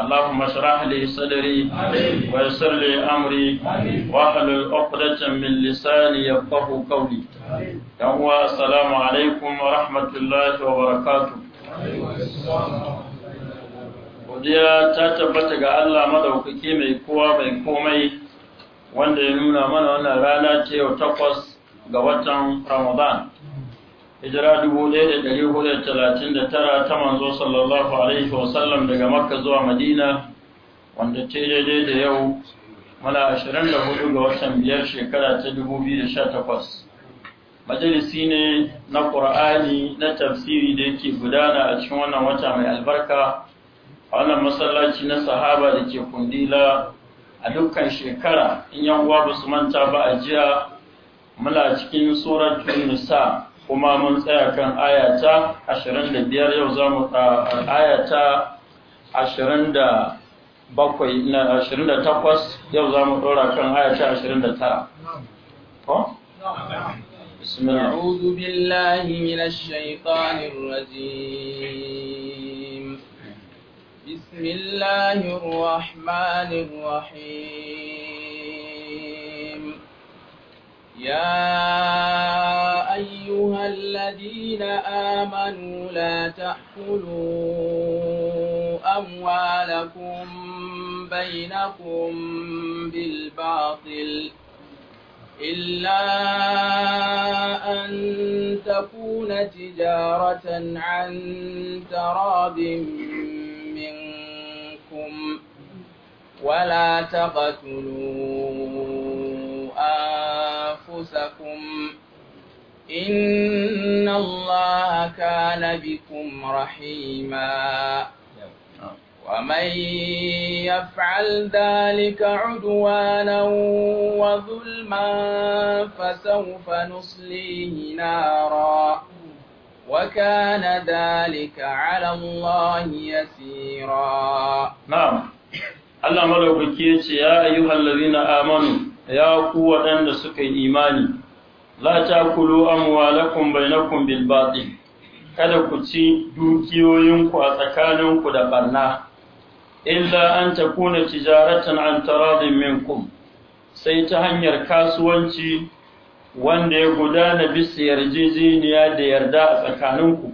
اللهم اشرح لي صدري ويسر لي امري واحلل عقدة من لساني يفقه قولي يوم السلام عليكم ورحمة الله وبركاته godiya ta tabbata ga Allah madaukaki mai kowa mai komai wanda ya nuna mana wannan rana ce yau takwas ga watan Ramadan hijira 1439 ta manzo sallallahu alaihi wasallam daga makka zuwa madina wanda ce daidai da yau mana 24 ga watan biyar shekara ta 2018 majalisi ne na ƙur'ani na tafsiri da yake gudana a cikin wannan wata mai albarka a wannan masallaci na sahaba da ke kundila a dukkan shekara in yan uwa ba su manta ba a jiya muna cikin suratul nisa kuma mun tsaya kan ayata 25 yau za mu ayata 27 na 28 yau za mu dora kan ayata 29 ko بسم الله أعوذ بالله من الشيطان الرجيم بسم الله الرحمن الرحيم يا أيها الذين آمنوا لا تأكلوا أموالكم بينكم بالباطل إلا أن تكون تجارة عن تراب منكم ولا تقتلوا أنفسكم إن الله كان بكم رحيما ومن يفعل ذلك عدوانا وظلما فسوف نصليه نارا وكان ذلك على الله يسيرا نعم الله ملوكي يا أيها الذين آمنوا ya ku waɗanda suka yi imani la takulu amwalakum bainakum bil batil kada ku ci dukiyoyinku a tsakaninku da barna illa an kuna tijaratan an taradin minkum sai ta hanyar kasuwanci wanda ya gudana bisa yarjejeniya da yarda a tsakaninku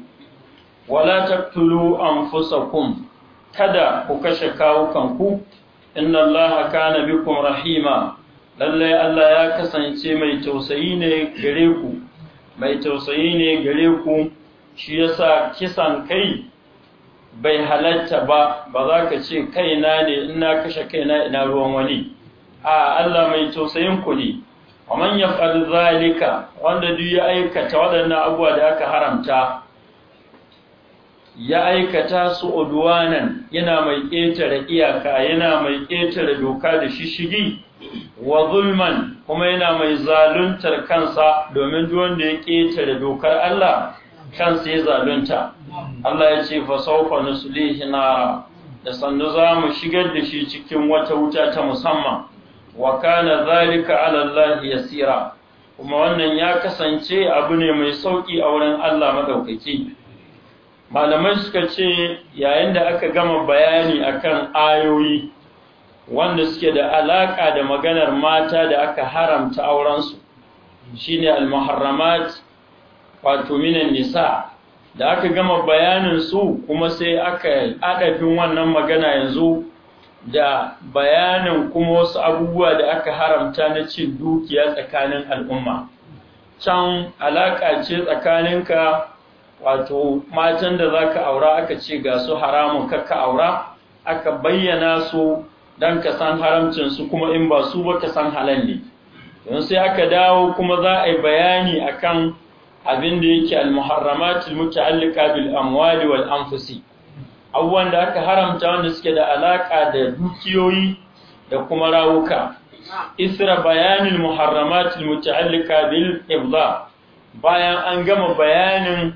wala taqtulu anfusakum kada ku kashe kawukanku inna allaha kana bikum rahima lallai Allah ya kasance mai tausayi ne gare ku mai tausayi ne gare ku shi yasa kisan kai bai halatta ba ba za ka ce kaina ne ina kashe kaina ina ruwan wani a Allah mai tausayin ku ne wa man zalika wanda duk ya aikata waɗannan abubuwa da aka haramta ya aikata su uduwanan yana mai ƙetare iyaka yana mai ƙetare doka da shishigi wa zulman kuma yana mai zaluntar kansa domin duk wanda ya ƙetare dokar Allah kansa ya zalunta Allah ya ce fa sawfa nuslihi nara da sannu za mu shigar da shi cikin wata wuta ta musamman wa kana zalika ala Allah yasira kuma wannan ya kasance abu ne mai sauki a wurin Allah madaukaki malamai suka ce yayin da aka gama bayani akan ayoyi wanda suke da alaka da maganar mata da aka haramta aurensu shine al-muharramat wato minan nisa da aka gama bayanin su kuma sai aka adafin wannan magana yanzu da bayanin kuma wasu abubuwa da aka haramta na cin dukiya tsakanin al'umma can alaka ce tsakaninka wato matan da za ka aura aka ce ga su haramun kakka aura aka bayyana su don ka san haramcinsu kuma in ba su ba ka san halal ne don sai aka dawo kuma za a yi bayani a kan abin da yake almuharramatul muta'allika bil amwali wal anfusi abubuwan da aka haramta wanda suke da alaka da dukiyoyi da kuma rawuka isra bayanin muharramatul muta'allika bil ibda bayan an gama bayanin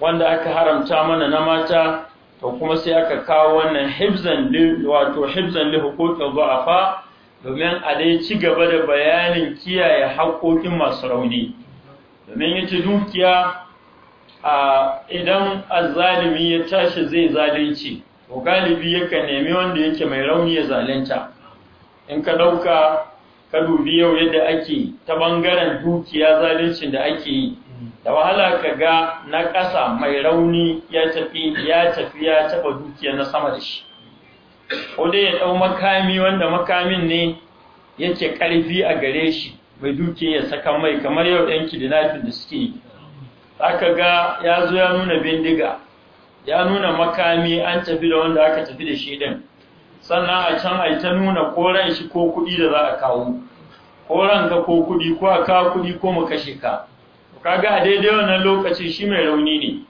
wanda aka haramta mana na mata to kuma sai aka kawo wannan hibzan li wato hibzan li huquqil du'afa domin a dai ci gaba da bayanin kiyaye haƙoƙin masu rauni domin yace dukiya a idan azzalimi ya tashi zai zalunci to galibi yakan nemi wanda yake mai rauni ya zalunta in ka dauka ka dubi yau yadda ake ta bangaren dukiya zaluncin da ake yi da wahala ka ga na ƙasa mai rauni ya tafi ya tafi ya taɓa dukiya na sama da shi ko dai ya ɗau makami wanda makamin ne yake ƙarfi a gare shi mai dukiya ya saka mai kamar yau ɗan kidnapping da suke yi aka ga ya zo ya nuna bindiga ya nuna makami an tafi da wanda aka tafi da shi din sannan a can a ta nuna koran shi ko kuɗi da za a kawo koran ka ko kuɗi ko a kawo kuɗi ko mu kashe ka kaga a daidai wannan lokaci shi mai rauni ne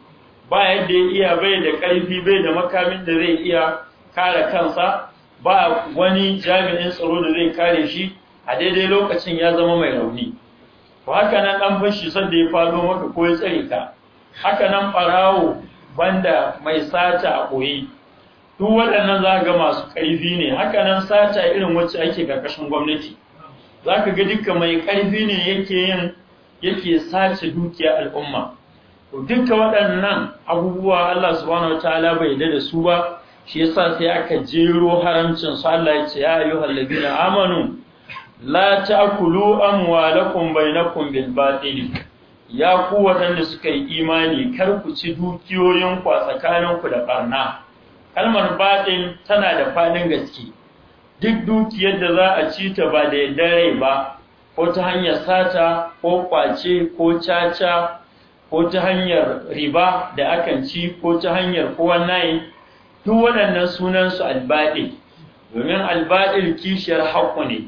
ba yadda ya iya bai da ƙarfi bai da makamin da zai iya kare kansa ba wani jami'in tsaro da zai kare shi a daidai lokacin ya zama mai rauni ba haka nan ɗan fashi da ya fado maka ko ya tsare ka haka nan ɓarawo banda mai sata a koyi duk waɗannan za ga masu ƙarfi ne haka nan sata irin wacce ake karkashin gwamnati za ka ga duka mai ƙarfi ne yake yin yake sace dukiya al'umma to duka waɗannan abubuwa Allah subhanahu wataala bai yarda da su ba shi yasa sai aka jero haramcin su Allah ya ce ya ayyuhal ladina amanu la ta'kulu amwalakum bainakum bil batil ya ku waɗanda suka yi imani kar ku ci dukiyoyin ku a tsakanin ku da barna kalmar batil tana da fadin gaske duk dukiyar da za a ci ta ba da yadda ba ko ta hanyar sata ko kwace ko caca ko ta hanyar riba da akan ci ko ta hanyar kowan nayi duk waɗannan su albaɗil domin albaɗin kishiyar haƙƙu ne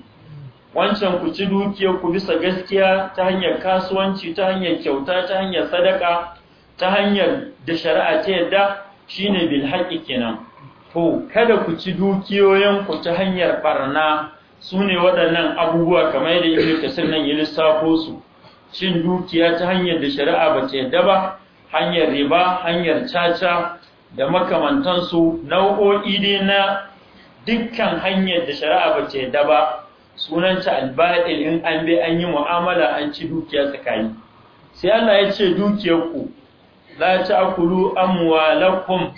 wancan ku ci dukiyar ku bisa gaskiya ta hanyar kasuwanci ta hanyar kyauta ta hanyar sadaka ta hanyar da shari'a ta yadda shine bil haƙƙi kenan to kada ku ci dukiyoyin ku ta hanyar barna su ne waɗannan abubuwa kamar yadda ibn kasir nan ya lissafo su cin dukiya ta hanyar da shari'a ba ta yadda ba hanyar riba hanyar caca da makamantansu nau'o'i ne na dukkan hanyar da shari'a ba ta yadda ba sunanta albaɗin in an bi an yi mu'amala an ci dukiya tsakani sai Allah ya ce dukiyarku la ta'kulu amwalakum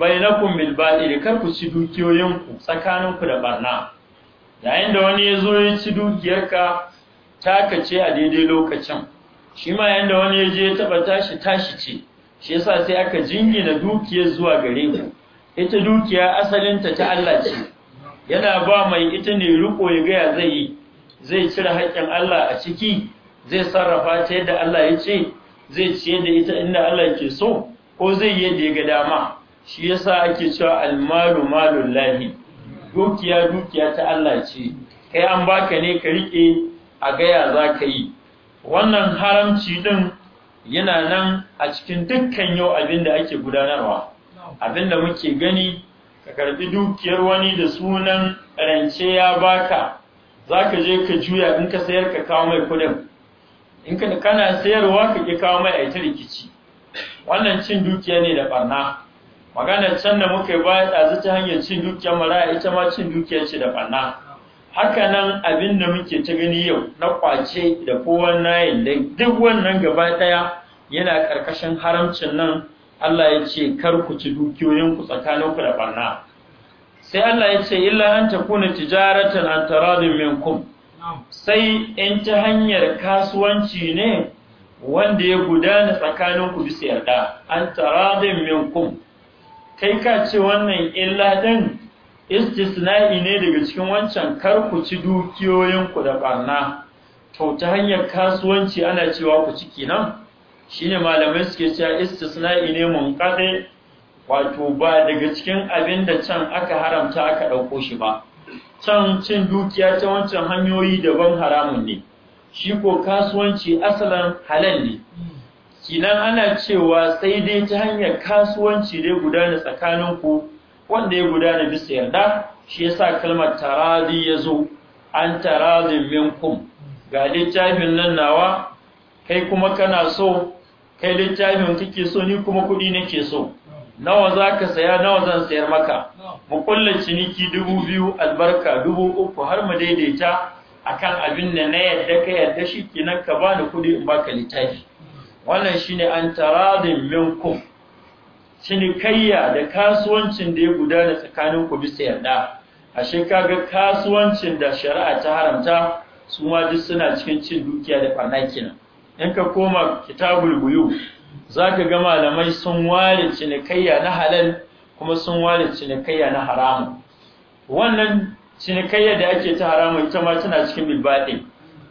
bainakum bil batil kar ku ci dukiyoyinku tsakaninku da ɓarna. yayin da wani ya zo ya ci dukiyarka taka ce a daidai lokacin shi ma yayin da wani ya je ya taba tashi tashi ce shi yasa sai aka jingina dukiyar zuwa gare mu ita dukiya asalinta ta Allah ce yana ba mai ita ne riko ya gaya zai yi zai cire haƙƙin Allah a ciki zai sarrafa ta yadda Allah ya ce zai ciye da ita inda Allah ke so ko zai yi yadda ya ga dama shi yasa ake cewa almalu malul lahi dukiya dukiya ta Allah ce kai an baka ne ka rike a gaya za ka yi wannan haramci din yana nan a cikin dukkan yau abin da ake gudanarwa abin da muke gani ka karbi dukiyar wani da sunan rance ya baka za ka je ka juya in ka sayar ka kawo mai kudin in kana sayarwa ka ke kawo mai a ita rikici wannan cin dukiya ne da barna maganar can da muka yi ba ɗazu ta hanyar cin dukiyar a ita ma cin dukiyar ce da ɓanna. haka nan abin da muke ta gani yau na kwace da kowan nayin da duk wannan gaba ɗaya yana ƙarƙashin haramcin nan Allah ya ce kar ku ci dukiyoyin ku tsakanin ku da ɓanna. sai Allah ya ce illa an takuna tijaratan an taradin minkum sai in ta hanyar kasuwanci ne wanda ya gudana tsakanin ku bisa yarda an taradin minkum kai ka ce wannan illa ɗin istisna'i ne daga cikin wancan kar ku ci dukiyoyinku da barna to ta hanyar kasuwanci ana cewa ku ci kenan shine malamai suke cewa istisna'i ne mun munqadi wato ba daga cikin abin da can aka haramta aka ɗauko shi ba can cin dukiya ta wancan hanyoyi daban haramun ne shi ko kasuwanci asalin halal ne kinan ana cewa sai dai ta hanyar kasuwanci dai gudana tsakanin ku wanda ya gudana bisa yarda shi yasa kalmar tarazi ya zo an taradin minkum ga littafin nan nawa kai kuma kana so kai littafin kake so ni kuma kuɗi nake so nawa za ka saya nawa zan sayar maka mu kulla ciniki dubu biyu albarka dubu uku har mu daidaita akan abin da na yadda ka yadda shi kenan ka bani kuɗi in baka littafi wannan shi ne an taradin minkum cinikayya da kasuwancin da ya gudana tsakanin ku bisa yarda ashe shekaga kasuwancin da shari'a ta haramta su ma duk suna cikin cin dukiya da farna in ka koma kitabul buyu ka ga malamai sun ware cinikayya na halal kuma sun ware cinikayya na haramu wannan cinikayya da ake ta haramu ita ma tana cikin bilbaɗi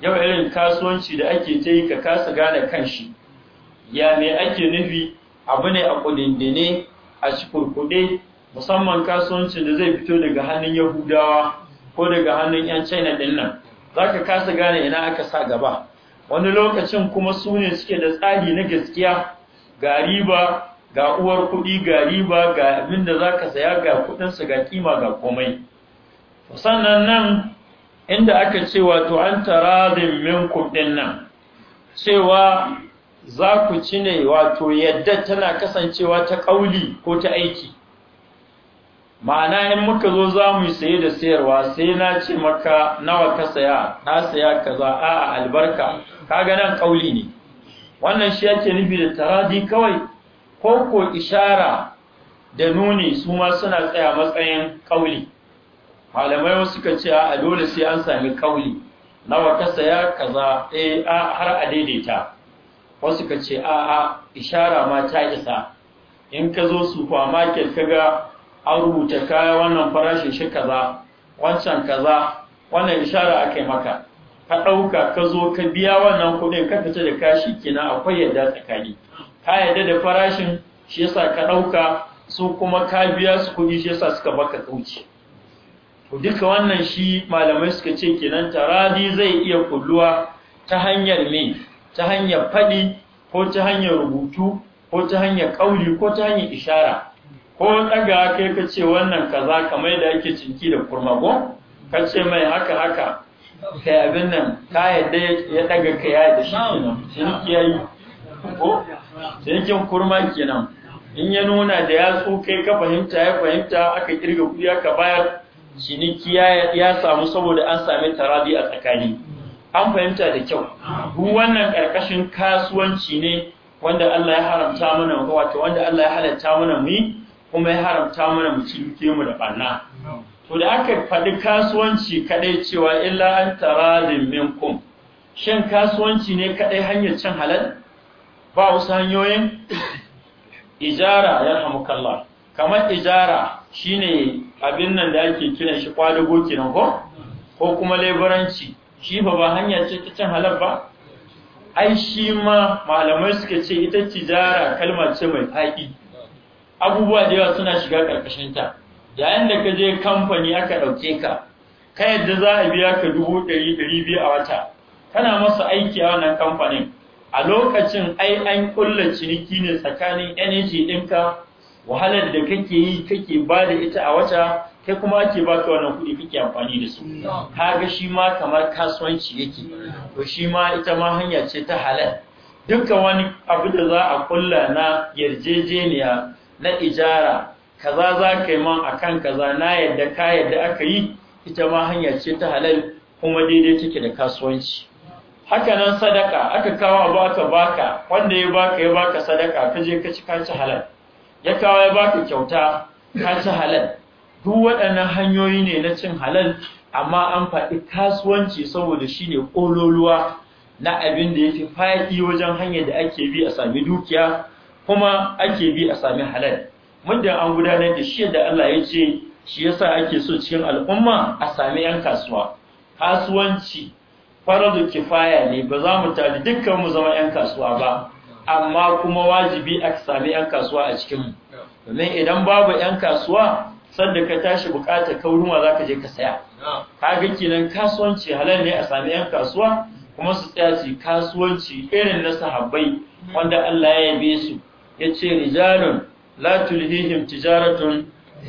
yau irin kasuwanci da ake ta yi ka kasa gane kanshi ya me ake nufi abu ne a kudindine a cikurkuɗe musamman kasuwancin da zai fito daga hannun yahudawa ko daga hannun 'yan china din nan za ka kasa gane ina aka sa gaba wani lokacin kuma su ne suke da tsari na gaskiya ga riba ga uwar kuɗi ga riba ga abin da za ka saya ga kuɗinsa ga kima ga komai sannan nan inda aka ce wato an tarazin min kuɗin nan cewa za ku ci ne wato yadda tana kasancewa ta ƙauli ko ta aiki ma'ana in muka zo za mu saye da sayarwa sai na ce maka nawa ka saya na saya kaza a albarka kaga nan ƙauli ne wannan shi yake nufi da taradi kawai ko ko ishara da nuni su ma suna tsaya matsayin ƙauli malamai wasu suka ce a dole sai an sami ƙauli nawa ka saya kaza eh har a daidaita wasu ka ce a'a ishara ma ta isa in ka zo market ka ga an rubuta kaya wannan farashin shi kaza wancan kaza wannan ishara aka yi maka ka ɗauka ka zo ka biya wannan kuɗin ka fita da kashi kenan akwai yadda tsakani ka yadda da farashin shi yasa ka ɗauka su kuma ka biya su kuɗi shi yasa suka baka kauce to duka wannan shi malamai suka ce kenan taradi zai iya kulluwa ta hanyar me ta hanyar faɗi ko ta hanyar rubutu ko ta hanyar ƙauri ko ta hanyar ishara ko ɗaga kai ka ce wannan kaza kamar da ake cinki da kurmago ka ce mai haka haka kai abin nan ka yadda ya ɗaga ka ya da shi kenan ya yi ko cinkin kurma kenan in ya nuna da yatsu kai ka fahimta ya fahimta aka kirga kuɗi aka bayar ciniki ya samu saboda an sami tarabi a tsakani an fahimta da kyau ku wannan karkashin kasuwanci ne wanda Allah ya haramta mana wato wanda Allah ya halatta mana mu kuma ya haramta mana mu ci duke mu da banna to da aka faɗi kasuwanci kadai cewa illa an taradin minkum shin kasuwanci ne kadai hanyar cin halal ba wasu hanyoyin ijara yarhamukallah kamar ijara shine abin nan da ake kiran shi kwadago kenan ko ko kuma leburanci shi ba ba hanya ce ta cin halal ba ai shi ma malamai suka ce ita tijara kalma ce mai haƙi. abubuwa da yawa suna shiga ƙarƙashin ta yayin da ka je kamfani aka ɗauke ka ka yadda za a biya ka dubu ɗari ɗari biyu a wata kana masa aiki a wannan kamfanin a lokacin ai an ƙulla ciniki ne tsakanin energy ɗinka wahalar da kake yi kake ba da ita a wata kai kuma ake ba ka wannan kuɗi kake amfani da su ga shi ma kamar kasuwanci yake to shi ma ita ma hanya ce ta halal dukkan wani abu da za a kulla na yarjejeniya na ijara kaza za ka yi man akan kaza na yadda ka yadda aka yi ita ma hanya ce ta halal kuma daidai take da kasuwanci haka nan sadaka aka kawo abu aka baka wanda ya baka ya baka sadaka ka je ka ci ka ci halal ya kawo ya baka kyauta ka ci halal duk waɗannan hanyoyi ne na cin halal amma an faɗi kasuwanci saboda shi ne ƙololuwa na abin da ya fi faɗi wajen hanyar da ake bi a sami dukiya kuma ake bi a sami halal muddin an gudanar da shi da Allah ya ce shi yasa ake so cikin al'umma a sami 'yan kasuwa kasuwanci ke kifaya ne ba za mu tafi dukkan mu zama 'yan kasuwa ba amma kuma wajibi a sami 'yan kasuwa a cikin mu domin idan babu 'yan kasuwa sanda ka tashi bukata kauruma za ka je ka saya Ka ga kenan kasuwanci halal ne a sami yan kasuwa kuma su tsaya su kasuwanci irin na sahabbai wanda Allah ya yabe su ya ce rijalun la tulhihim tijaratun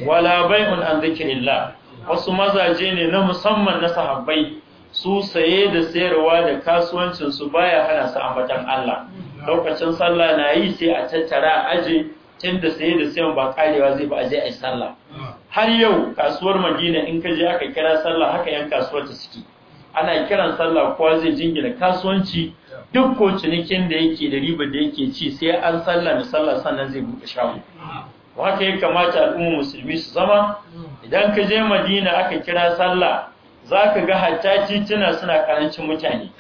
wala bai'un an zikrillah wasu mazaje ne na musamman na sahabbai su saye da sayarwa da kasuwancin su baya hana su ambatan Allah lokacin sallah na yi sai a tattara aje tunda saye da sayan ba karewa zai ba aje a sallah har yau kasuwar madina in ka je aka kira sallah haka yan kasuwar ta suke ana kiran sallah kowa zai jingina kasuwanci duk ko cinikin da yake da riba da yake ci sai an sallah da sallah sannan zai buɗe shago haka ya kamata al'ummar musulmi su zama idan ka je madina aka kira sallah za ka ga hatta tituna suna karancin mutane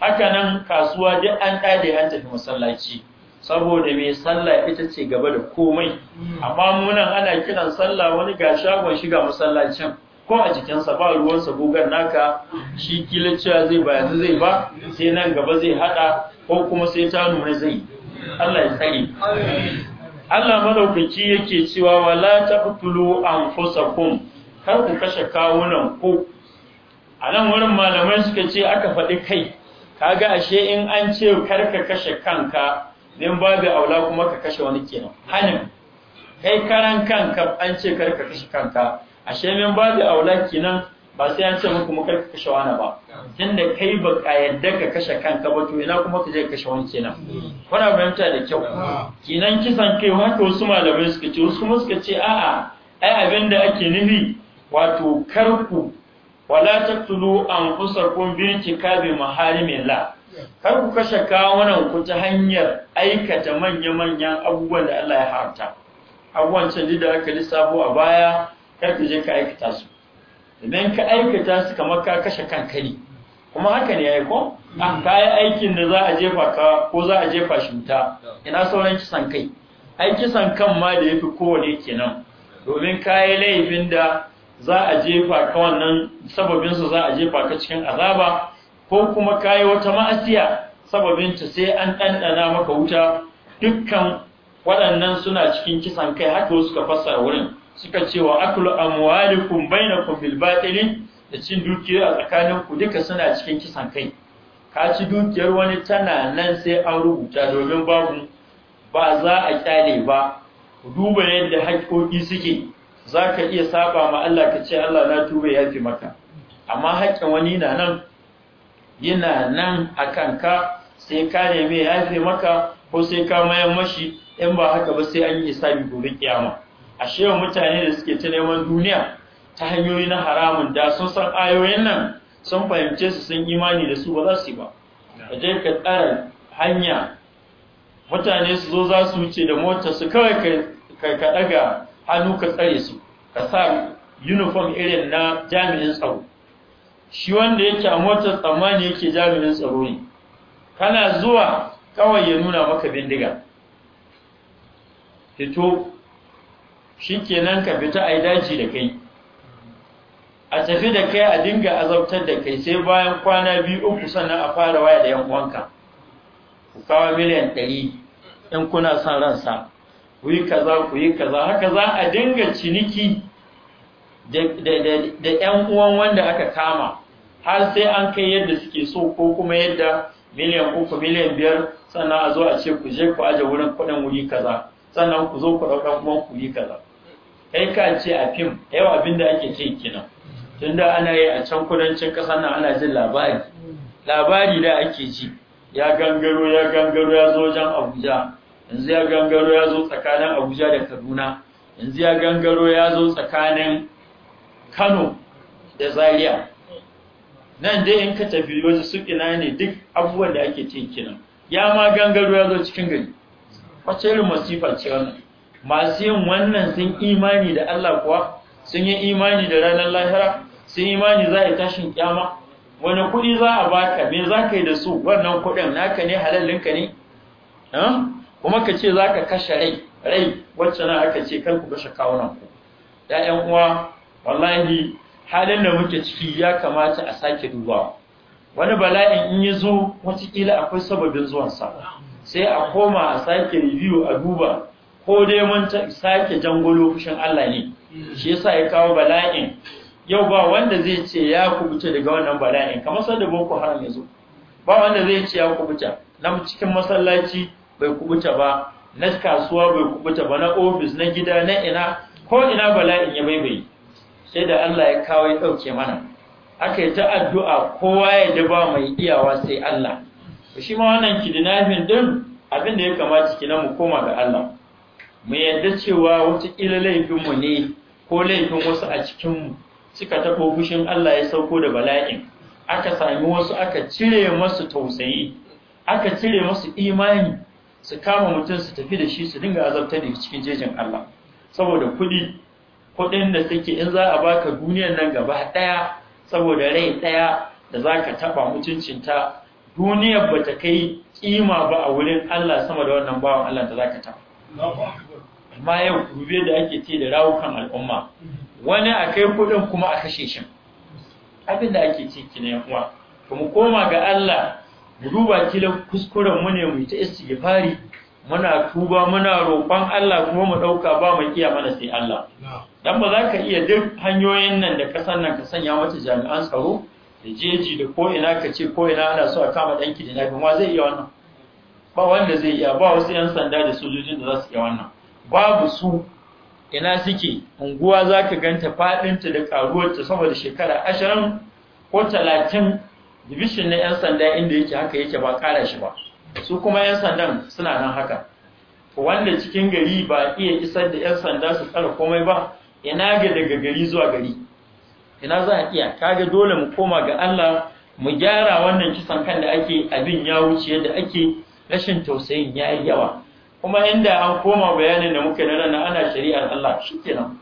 haka nan kasuwa duk an ɗade an tafi masallaci saboda mai sallah ita ce gaba da komai amma munan ana kiran sallah wani ga shagon shiga masallacin ko a jikinsa ba ruwansa gugar naka shi kila cewa zai ba yanzu zai ba sai nan gaba zai hada ko kuma sai ta nuna zai Allah ya tsare Allah madaukaki yake cewa wala taqtulu anfusakum kar ku kashe kawunan ku a nan wurin malamai suka ce aka faɗi kai kaga ashe in an ce kar ka kashe kanka din babu aula kuma ka kashe wani kenan hanin kai karan kanka an ce kar ka kashe kanka ashe min babu aula kenan ba sai an ce muku kuma kar ka kashe wani ba tunda kai ba ka yadda ka kashe kanka ba to ina kuma ka je ka kashe wani kenan kuna fahimta da kyau kenan kisan kai wato wasu malamai suka ce wasu kuma suka ce a'a ai abin da ake nufi wato karku wala taqtulu anfusakum bi mahali maharimillah kar ku kashe kawunan ku ta hanyar aikata manya-manyan abubuwan da Allah ya harta abubuwan canji da aka lissafo a baya kar ku je ka aikata su idan ka aikata su kamar ka kashe kanka ne kuma haka ne yayi ko an ah, kai aikin da za a jefa ka ko za a jefa shi ta ina sauran kisan kai ai kisan kan ma da yafi kowane kenan domin kai laifin da za a jefa ka wannan sababin su za a jefa ka cikin azaba ko kuma kayi wata ma'asiya sababin ta sai an ɗanɗana maka wuta dukkan waɗannan suna cikin kisan kai haka suka fassara wurin suka ce wa aklu amwalikum bainakum bil batil da cin dukiya a tsakanin ku duka suna cikin kisan kai ka ci dukiyar wani tana nan sai an rubuta domin babu ba za a kyale ba Ku duba yadda haƙƙoƙi suke za ka iya saba ma Allah ka ce Allah na tuba ya fi maka amma haƙƙin wani na nan yana nan a kanka sai ka nemi ya haife maka ko sai ka mayan mashi in ba haka ba sai an yi hisabi gobe kiyama ashe mutane da suke ta neman duniya ta hanyoyi na haramun da sun san ayoyin nan sun fahimce su sun imani da su ba za su yi ba a je ka tsara hanya mutane su zo za su wuce da mota su kawai ka daga hannu ka tsare su ka sa uniform irin na jami'in tsaro shi wanda yake a motar tsammani yake jami'in tsaro ne kana zuwa kawai ya nuna maka bindiga fito shi kenan ka fita a daji da kai a tafi da kai a dinga azabtar da kai sai bayan kwana biyu uku sannan a fara waya da yan uwanka ku kawo miliyan ɗari in kuna son ransa ku yi kaza ku yi kaza haka za a dinga ciniki da ‘yan uwan wanda aka kama har sai an kai yadda suke so ko kuma yadda miliyan uku miliyan biyar sannan a zo a ce ku je ku aje wurin kuɗin wuri kaza sannan ku zo ku ɗauka kuma ku yi kaza kai ka ce a fim yau abin da ake ce kenan da ana yi a can kudancin ƙasar nan ana jin labari labari da ake ji ya gangaro ya gangaro ya zo wajen abuja yanzu ya gangaro ya zo tsakanin abuja da kaduna yanzu ya gangaro ya zo tsakanin kano da zaria nan dai in ka tafi wasu su ina ne duk abubuwan da ake cin kinan ya ma gangaro ya zo cikin gari wace irin masifa ce wannan masu yin wannan sun imani da Allah kuwa sun yi imani da ranar lahira sun imani za a tashin kyama wani kuɗi za a baka me za ka yi da su wannan kuɗin naka ne halallinka ne kuma ka ce za ka kashe rai rai wacce na aka ce kan ku kashe kawunan ku ya'yan uwa wallahi halin da muke ciki ya kamata a sake dubawa wani bala'in in ya zo watakila akwai sababin zuwansa sai a koma a sake review a duba ko dai mun sake jangolo fushin Allah ne shi yasa ya kawo bala'in yau ba wanda zai ce ya kubuce daga wannan bala'in kamar sanda boko haram ya zo ba wanda zai ce ya kubuta na cikin masallaci bai kubuta ba na kasuwa bai kubuta ba na ofis na gida na ina ko ina bala'in ya baibaye sai da Allah ya kawo ya ɗauke mana aka yi ta addu'a kowa ya ji ba mai iyawa sai Allah shi ma wannan kidnapping din abin da ya kamata kina mu koma ga Allah mu yadda cewa wata kila laifin ne ko laifin wasu a cikinmu suka taɓo fushin Allah ya sauko da bala'in aka sami wasu aka cire masu tausayi aka cire masu imani su kama mutum su tafi da shi su dinga azabta da cikin jejin Allah saboda kuɗi kuɗin da suke in za a baka duniyar nan gaba ɗaya saboda rai ɗaya da za ka taɓa mutuncinta duniyar ba ta kai ƙima ba a wurin Allah sama da wannan bawan Allah da za ka taɓa. Amma yau rube da ake ce da rawukan al'umma wani a kai kuɗin kuma a kashe shi. Abin da ake ce ki ne kuma ka mu koma ga Allah mu duba kila kuskuren mu ne mu ta istighfari muna tuba muna roƙon Allah kuma mu ɗauka ba mu iya mana sai Allah. dan ba za ka iya duk hanyoyin nan da kasan nan ka sanya mata jami'an tsaro da jeji da ko ina ka ce ko ina ana so a kama danki da nafi ma zai iya wannan ba wanda zai iya ba wasu yan sanda da sojojin da za su iya wannan babu su ina suke unguwa za ka ganta faɗinta da karuwarta saboda shekara ashirin ko talatin division na yan sanda inda yake haka yake ba ƙara shi ba su kuma yan sandan suna nan haka wanda cikin gari ba iya isar da yan sanda su tsara komai ba ina ga daga gari zuwa gari ina za a iya kaga dole mu koma ga Allah mu gyara wannan kisan kan da ake abin ya wuce yadda ake rashin tausayin ya yi yawa kuma inda an koma bayanin da muka na rana ana shari'ar Allah shi kenan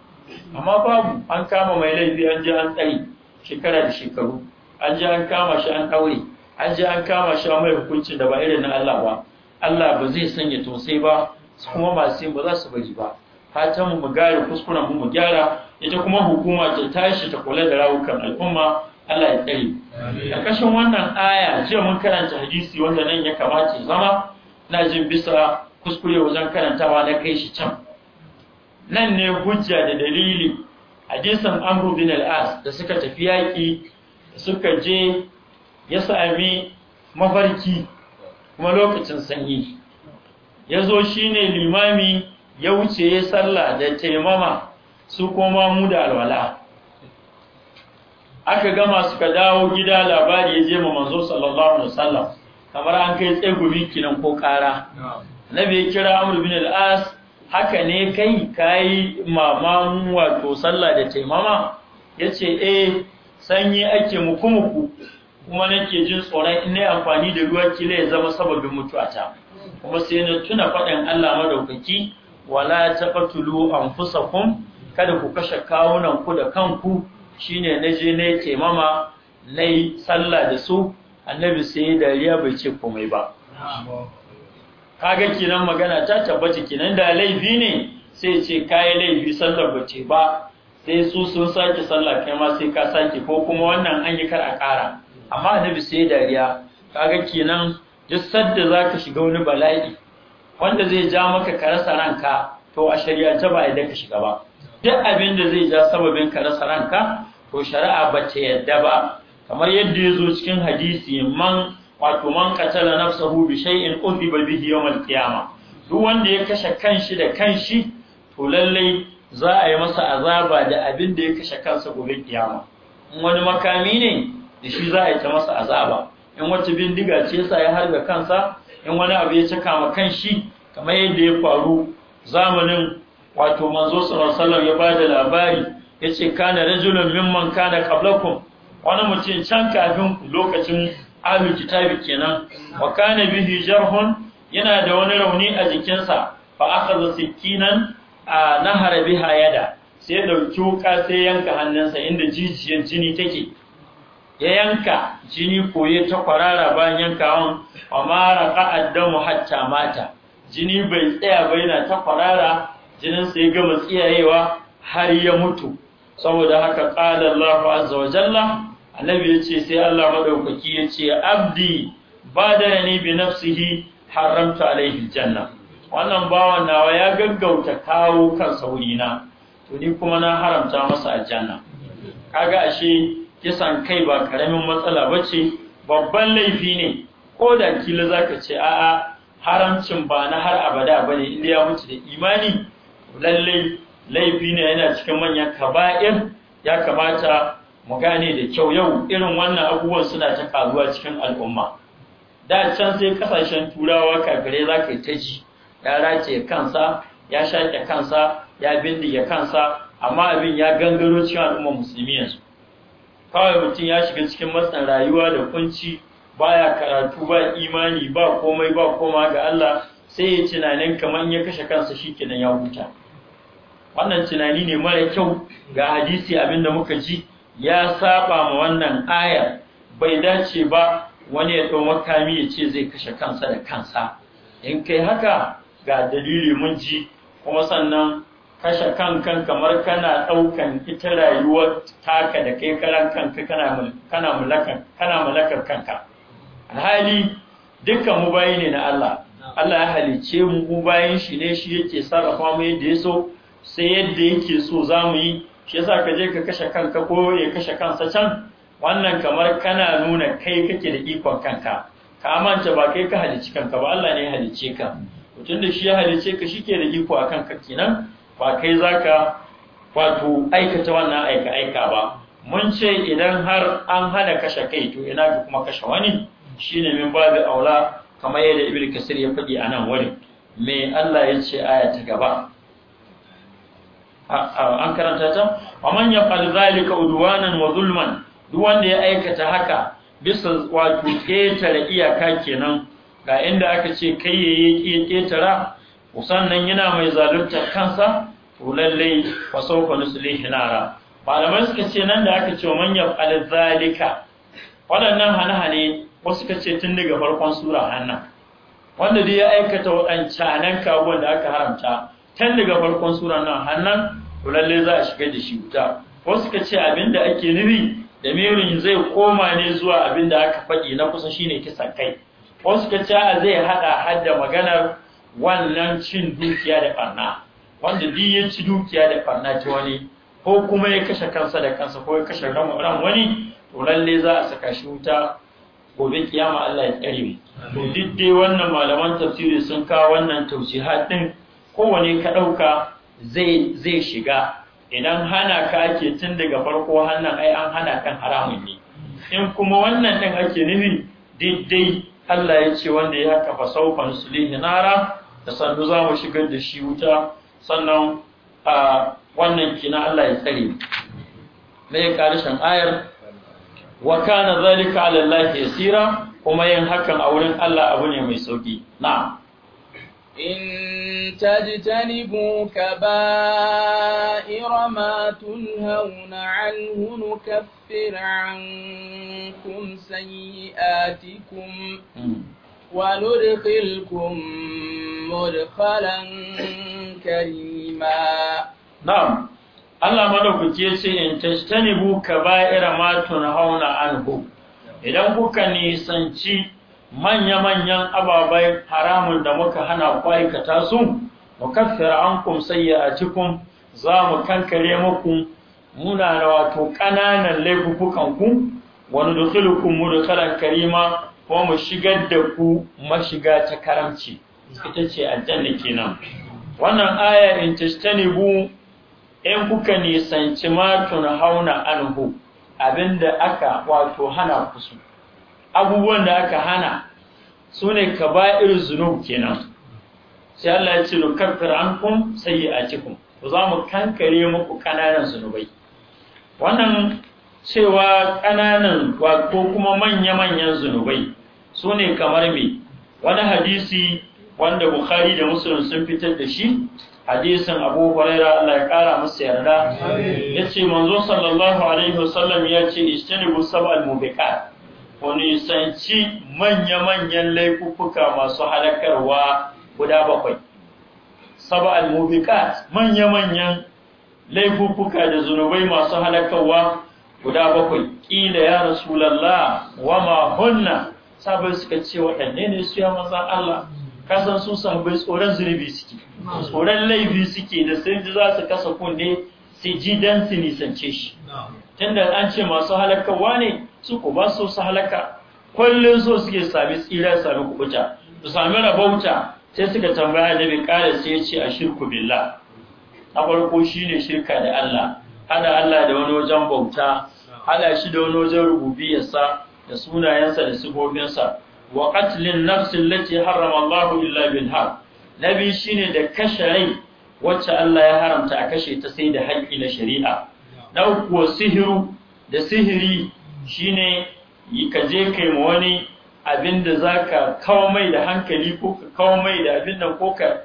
amma babu an kama mai laifi an je an tsari shekara da shekaru an je an kama shi an aure, an je an kama shi mai hukunci da ba irin na Allah ba Allah ba zai sanya tausayi ba kuma masu yin ba za su bari ba fatan mu gare kuskuren mu mu gyara ita kuma hukuma ta tashi ta kula da rawukan al'umma Allah ya tsare a kashin wannan aya jiya mun karanta hadisi wanda nan ya kamata zama na jin bisa kuskure wajen karantawa na kai shi can nan ne hujja da dalili hadisan amru bin al-as da suka tafi yaƙi suka je ya sami mafarki kuma lokacin sanyi ya zo shi limami ya wuce sallah da taimama su koma mu da alwala aka gama suka dawo gida labari ya je ma manzo sallallahu alaihi wasallam kamar an kai tsegumi kinan ko kara nabi ya kira amr bin al-as haka ne kai kai maman wato sallah da taimama yace eh sanyi ake muku muku kuma nake jin tsoron in nayi amfani da ruwan kila ya zama sababin mutuwata kuma sai na tuna faɗin Allah madaukaki wala taqtulu anfusakum kada ku kashe kawunan ku da kanku shine naje ne taimama nayi sallah da su annabi sai dariya bai ce komai ba kaga kinan magana ta tabbata kinan da laifi ne sai ce kai laifi sallar bace ba sai su sun sake sallah kai ma sai ka sake ko kuma wannan an yi kar a kara amma annabi sai dariya kaga kenan duk sadda zaka shiga wani bala'i wanda zai ja maka ka rasa ranka to a shari'ance ba yadda ka shiga ba duk abin da zai ja sababin ka rasa ranka to shari'a ba ta yadda ba kamar yadda ya zo cikin hadisi man wato man qatala nafsahu bi shay'in uziba bihi yawm al qiyama duk wanda ya kashe kanshi da kanshi to lallai za a yi masa azaba da abin da ya kashe kansa gobe kiyama in wani makami ne da shi za a yi ta masa azaba in wata bindiga ce sa ya harbe kansa in wani abu ya cika ma kan shi kamar yadda ya faru zamanin wato manzo sallallahu ya ba da labari yace kana rajulun mimman kana qablakum wani mutum can kafin lokacin ahlul kitabi kenan wa kana bihi jarhun yana da wani rauni a jikinsa fa akhadha sikinan nahara biha yada sai dauki wuka sai yanka hannunsa inda jijiyar jini take ya yanka jini koye ta kwarara bayan yankawan amma mara mu hatta mata jini bai tsaya ba yana ta kwarara jinin sai gama tsiyayewa har ya mutu saboda haka qala Allahu azza wa jalla annabi ce sai Allah maɗaukaki ya ce abdi ba badarani bi nafsihi haramta alaihi janna wannan bawan nawa ya gaggauta kawo kan saurina to ni kuma na haramta masa aljanna kaga ashe kisan kai ba karamin matsala ba ce babban laifi ne ko da kila za ka ce a'a haramcin ba na har abada ba ne inda ya mutu da imani lallai laifi ne yana cikin manyan kaba'in ya kamata mu gane da kyau yau irin wannan abubuwan suna ta karuwa cikin al'umma da can sai kasashen turawa kafirai za ka yi ta ji ya race kansa ya shaƙe kansa ya bindige kansa amma abin ya gangaro cikin al'umma musulmi yanzu kawai mutum ya shiga cikin matsin rayuwa da kunci baya karatu ba imani ba komai ba koma ga Allah sai ya tunanin kamar ya kashe kansa shi kenan ya huta wannan tunani ne mara kyau ga hadisi abin da muka ji ya saba ma wannan aya bai dace ba wani ya tsoma makami ya ce zai kashe kansa da kansa in kai haka ga dalili mun ji kuma sannan kashe kankan kamar kana ɗaukan ita rayuwar taka da kai karan kanka kana mulakar kanka alhali dukkan mu bayi ne na Allah Allah ya halice mu mu bayin shi ne shi yake sarrafa mu yadda ya so sai yadda yake so za mu yi shi yasa ka je ka kashe kanka ko ya kashe kansa can wannan kamar kana nuna kai kake da ikon kanka ka manta ba kai ka halici kanka ba Allah ne ya halice ka mutum da shi ya halice ka shi ke da iko a kanka kenan ba kai zaka wato aikata wannan aika aika ba mun ce idan har an hana kashe kai to ina ga kuma kashe wani shine min babu aula kamar yadda ibnu kasir ya faɗi a nan wurin me Allah ya ce aya ta gaba an karanta ta man ya fal zalika udwanan wa zulman duk wanda ya aikata haka bisa wato ketare iyaka kenan ga inda aka ce kai yayi ketara musannan yana mai zaluntar kansa to lallai fa sawfa nuslihi malamai suka ce nan da aka ce manyan yaf'al zalika waɗannan hane-hane wasu suka ce tun daga farkon sura hannan wanda dai ya aikata waɗancanan kabuwan da aka haramta tun daga farkon sura nan hannan to za a shiga da shi wuta wasu suka ce abin da ake nufi da merin zai koma ne zuwa abin da aka faɗi na kusa shine kisan kai wasu suka ce a zai haɗa hadda maganar wannan cin dukiya da farna wanda duk ya ci dukiya da farna ta wani ko kuma ya kashe kansa da kansa ko ya kashe ran wani to lalle za a saka shi wuta gobe kiyama Allah ya kare mu to duk dai wannan malaman tafsiri sun kawo wannan tausihat din kowane ka dauka zai zai shiga idan hana ka ake tun daga farko hannan ai an hana kan haramun ne in kuma wannan din ake nufi dai Allah ya ce wanda ya kafa saufan saufa nara da sandu za mu shigar da shi wuta sannan a wannan kina Allah ya tsare mai karshen ayar wa kana zalika ala Allah yasira kuma yin hakan a wurin Allah abu ne mai sauki na in tajtanibu kaba'ira ma tunhauna anhu nukaffir ankum sayyi'atikum hmm. وندخلكم مدخلا كريما نعم Allah madaukake ya ce in tashtanibu kaba'ira ma tunhauna anhu idan kuka nisanci manya-manyan ababai haramun da muka hana ku aikata su mukaffir ankum sayyi'atikum za mu kankare muku muna da wato ƙananan laifukan ku wani da mudkhalan karima ko mu shigar da ku mashiga ta karamci ita ce aljanna kenan wannan aya in bu in kuka nisanci ma hauna anhu abinda aka wato hana ku abubuwan da aka hana sune kaba'ir zunub kenan sai Allah ya ce nukaffir ankum sayyi'atikum to za mu kankare muku kananan zunubai wannan cewa kananan wato kuma manya-manyan zunubai su ne kamar me wani hadisi wanda bukhari da muslim sun fitar da shi hadisin abu huraira Allah ya kara masa yarda yace manzo sallallahu alaihi wasallam ce istanibu sab'al mubiqat wani sanci manya-manyan laifuka masu halakarwa guda bakwai sab'al mubiqat manya-manyan laifuka da zunubai masu halakarwa guda bakwai kila ya rasulullah ma hunna sahabai suka ce waɗanne ne su ya manzan Allah kasan su sahabai tsoron zunubi suke tsoron laifi suke da sun ji za su kasa kunne su ji dan su nisance shi tunda an ce masu halakawa wane su ku ba su su halakka kullum so suke sami tsira sami kubuta su sami rabauta sai suka tambaya da bin ƙara sai ya ce a shirku billah na farko shine shirka da Allah hada Allah da wani wajen bauta hada shi da wani wajen rububiyarsa da sunayensa da sifofinsa wa qatlin nafsin lati harrama Allahu illa bil haq nabi shine da kashe rai wacce Allah ya haramta a kashe ta sai da haƙƙi na shari'a na uku sihiru da sihiri shine ka je kai ma wani abin da zaka kawo mai da hankali ko ka kawo mai da abin nan ko ka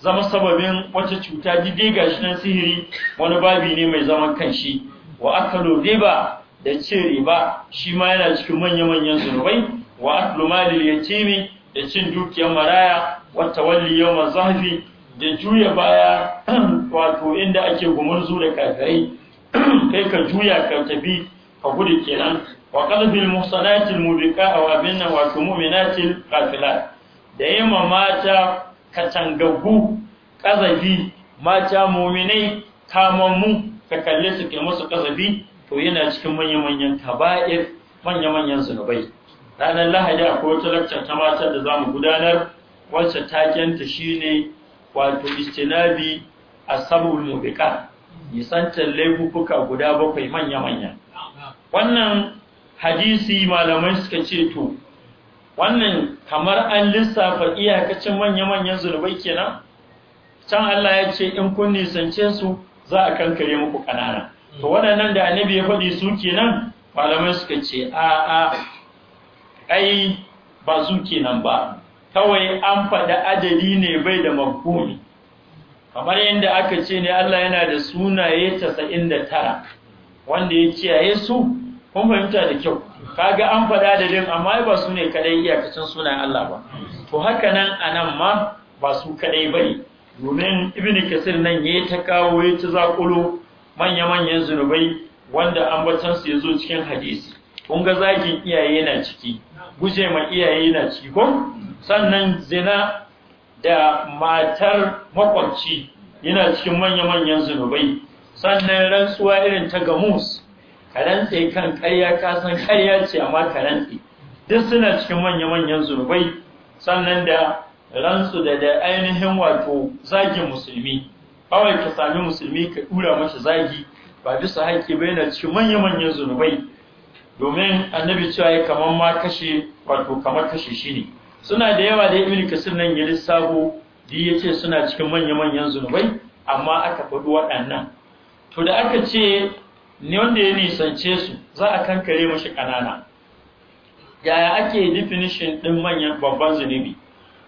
zama sababin wata cuta dide gashi nan sihiri wani babi ne mai zaman kanshi wa akalu riba da cin riba shi ma yana cikin manya-manyan zunubai wa aklu malil yatimi da cin dukiyar maraya wa tawalli yawma mazafi da juya baya wato inda ake gumurzu da kafirai kai ka juya ka tafi ka gudu kenan wa qalbil muhsanati mubika mubiqa wa binna wa mu'minati da yamma mata katangaggu kazabi mata mu'minai kamammu ka kalle su ke musu kazabi to yana cikin manya-manyan kaba'ir manya-manyan zunubai ranar lahadi akwai wata lakcar ta matar da za mu gudanar wacce takenta shine wato istinabi a sabul mubika nisantar laifuka guda bakwai manya-manya wannan hadisi malamai suka ce to wannan kamar an lissafa iyakacin manya-manyan zunubai kenan can Allah ya ce in kun nisance su za a kankare muku ƙanana to waɗannan da annabi ya faɗi su kenan malamai suka ce a a ai ba su kenan ba kawai an faɗa adadi ne bai da mafhumi kamar yadda aka ce ne Allah yana da sunaye 99 wanda ya kiyaye su kun fahimta da kyau kaga an faɗa da din amma ba su ne kadai iyakacin sunayen Allah ba to haka nan anan ma ba su kadai bane domin ibnu kasir nan yayi ta kawo ya ta zakulo manya-manyan zunubai wanda an ambatansu ya zo cikin hadisi kun ga zagin iyaye na ciki guje ma iyaye na ciki ko sannan zina da matar makwabci yana cikin manya-manyan zunubai sannan rantsuwa irin ta gamus karantse kan karya ka karya ce amma ka duk suna cikin manya-manyan zunubai sannan da rantsu da da ainihin wato zagin musulmi kawai ka sami musulmi ka ɗura masa zagi ba bisa haƙƙi ba yana cikin manya-manyan zunubai domin annabi cewa ya kamar ma kashe wato kamar kashe shi ne suna da yawa da ibn kasir nan ya lissafo da ya ce suna cikin manya-manyan zunubai amma aka faɗi waɗannan to da aka ce ne wanda ya nisance su za a kankare mashi ƙanana yaya ake definition ɗin manyan babban zunubi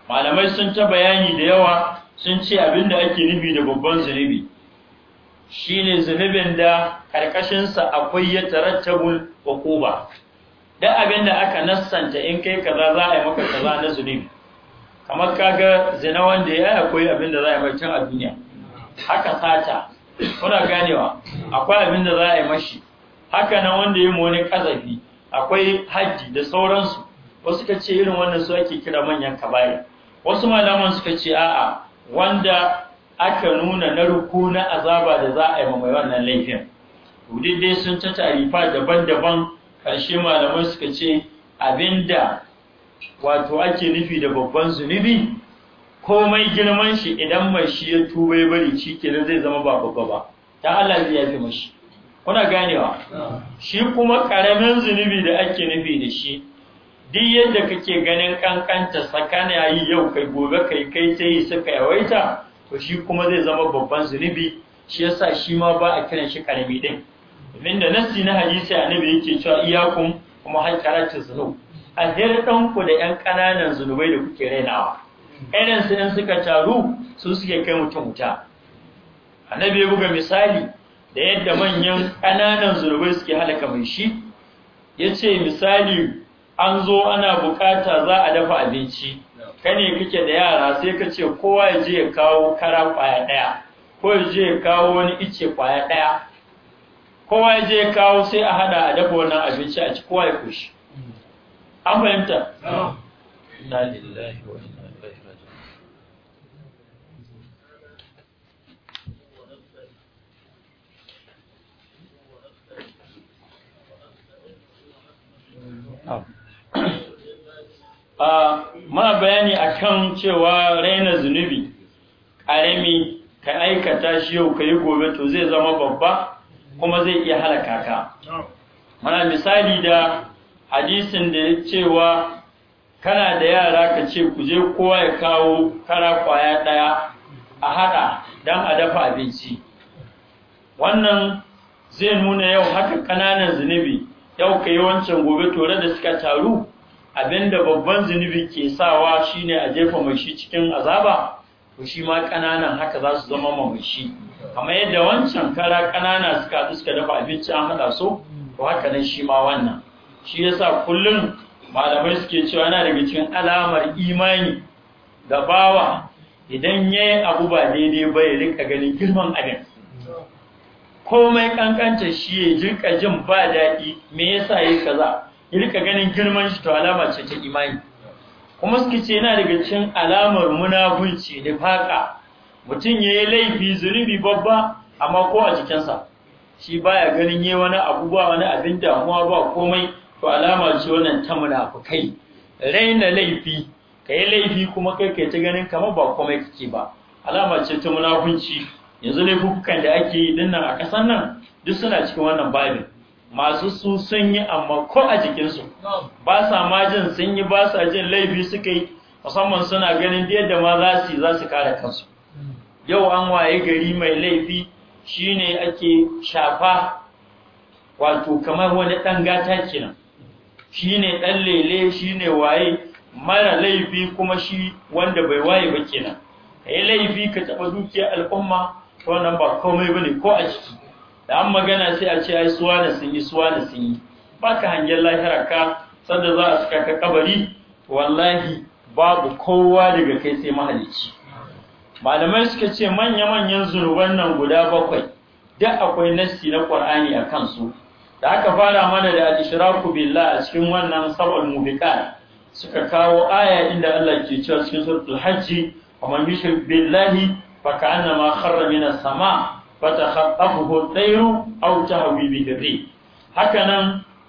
malamai sun ta bayani da yawa sun ce abin da ake nufi da babban zunubi shine zunubin da ƙarƙashinsa akwai ya tarattabun uquba don abin da aka nassanta in kai kaza za a yi maka kaza na zunubi kamar kaga zina wanda ya akwai abin da za a yi mai a duniya haka sata kuna ganewa akwai abin da za a yi mashi haka nan wanda ya wani kazafi akwai hajji da sauransu wasu ka ce irin wannan su ake kira manyan kabayi wasu malaman suka ce a'a wanda aka nuna na ruku na azaba da za a yi mai wannan laifin dai sun ta tarifa daban-daban ƙarshe malamai suka ce abinda wato ake nufi da babban zunubi komai girman shi idan mai shi ya tuba ya bari shi kenan zai zama ba babba ba ta Allah zai yafi mashi kuna ganewa shi kuma ƙaramin zunubi da ake nufi da shi duk yadda kake ganin kankanta a yi yau kai gobe kai kai ta yi suka yawaita to shi kuma zai zama babban zunubi shi yasa shi ma ba a kiran shi karami din domin da nasi na hadisi nabi yake cewa iyakun kuma hankaratu zunub a hirɗan ku da 'yan ƙananan zunubai da kuke rainawa irin su in suka taru su suke kai mutum wuta annabi ya buga misali da yadda manyan ƙananan zunubai suke halaka mai shi ya ce misali an zo ana bukata za a dafa abinci kane kake da yara sai ka ce kowa ya je ya kawo kara kwaya daya ko ya je ya kawo wani ice kwaya daya kowa ya je ya kawo sai a hada a dafa wannan abinci a ci kowa ya kushi an fahimta wa inna ilaihi raji'un Oh. muna bayani a kan cewa raina zunubi ƙarami ka aikata shi yau ka yi gobe to zai zama babba kuma zai iya halaka ka mana misali da hadisin da ya cewa kana da yara ka ce ku je kowa ya kawo kara kwaya ɗaya a haɗa don a dafa abinci wannan zai nuna yau haka ƙananan zunubi yau ka yi wancan gobe tore da suka taru abinda babban zunubi ke sawa shine a jefa mai shi cikin azaba ko shi ma ƙananan haka za su zama mai shi kamar yadda wancan kara ƙanana suka suka dafa abinci an haɗa su to haka nan shi ma wannan shi yasa kullum malamai suke cewa yana daga cikin alamar imani da bawa idan ya yi abu ba daidai ba ya rika gani girman abin komai kankanta shi ya jirka jin ba daɗi me yasa yi kaza ya rika ganin girman shi to alama ce ta imani kuma suke ce yana daga cikin alamar munafunci da faka mutum ya yi laifi zunubi babba amma ko a jikinsa shi baya ganin yi wani abu ba wani abin damuwa ba komai to alama ce wannan ta munafukai raina laifi ka laifi kuma kai kai ta ganin kamar ba komai kake ba alama ce ta munafunci yanzu laifukan da ake yi dinnan a ƙasar nan duk suna cikin wannan babin masu su sun yi amma ko a jikinsu ba sa majin sun yi ba sa jin laifi suka yi musamman suna ganin da yadda ma za su za su kare kansu hmm. yau an waye gari mai laifi shine ake shafa wato kamar wani ɗan gata kenan shine ɗan lele shine waye mara laifi kuma shi wanda bai waye ba kenan kai laifi ka taɓa dukiyar al'umma Ko nan ba komai bane ko a ciki da an magana sai a ce ai suwa na sun yi suwa da sun yi baka hangen lahira ka sanda za a saka ka kabari wallahi babu kowa daga kai sai mahalicci malamai suka ce manya-manyan zunuban nan guda bakwai duk akwai nassi na qur'ani a kansu da aka fara mana da al-ishraku billah a cikin wannan sab'ul mubika suka kawo aya inda Allah ke cewa cikin suratul hajji wa man yushrik billahi fa ka'annama kharra minas sama' fatakhafahu tayru aw tahwi bihi rih haka nan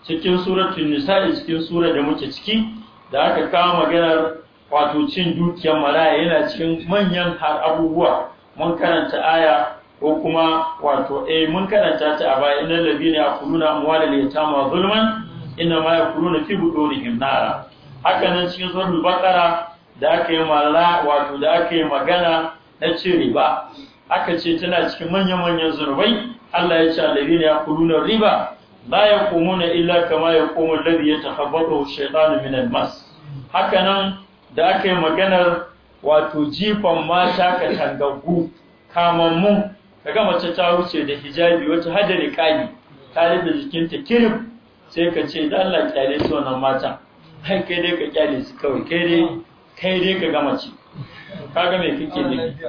cikin suratul nisa cikin surar da muke ciki da aka kawo maganar wato cin dukiyar maraya yana cikin manyan har abubuwa mun karanta aya ko kuma wato eh mun karanta ta a baya innal ladina yaquluna amwalal yatama zulman inna ma yaquluna fi budunihim nara haka nan cikin suratul baqara da aka yi mala wato da aka yi magana na cin riba aka ce tana cikin manya-manyan zurbai Allah ya ce ya yaquluna riba la yaqumuna illa kama yaqumu alladhi ya ta shaytanu min al-mas hakanan da aka yi maganar wato jifan mata ka katangaggu kamammu kaga mace ta wuce da hijabi wata hadari kai ta rufe jikinta kirif sai ka ce da Allah kyale su wannan mata kai dai ka kyale su kawai kai dai kai dai ka ga mace kaga mai kake nufi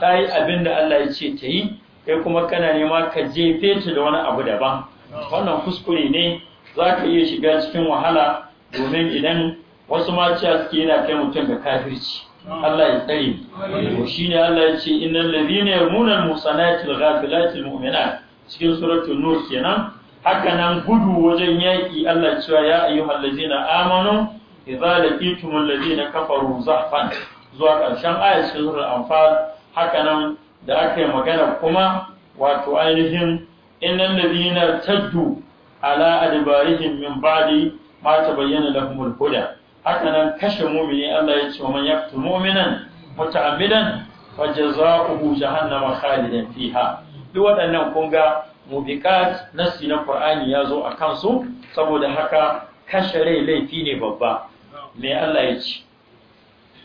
ta yi abin da Allah ya ce ta yi kai kuma kana nema ka jefe ta da wani abu daban wannan kuskure ne za ka iya shiga cikin wahala domin idan wasu ma cewa suke yana kai mutum da kafirci Allah ya tsare to shine Allah ya ce innal ladina yarmuna al-musanati al-ghafilati al-mu'minat cikin suratul nur kenan haka nan gudu wajen yaki Allah cewa ya ayyuhal ladzina amanu idza laqitumul ladina kafaru zahfan zuwa ƙarshen ayar cikin surar anfal hakanan da aka yi magana kuma wato ainihin da ladina taddu ala adbarihim min ba'di ma tabayyana lahumul huda hakanan kashe mu'mini Allah ya ce man yaqtu mu'minan muta'ammidan fajaza'uhu jahannama khalidan fiha duk waɗannan kun ga mubiqat nasi na Qur'ani ya zo a kansu saboda haka kashe rai laifi ne babba me Allah ya ce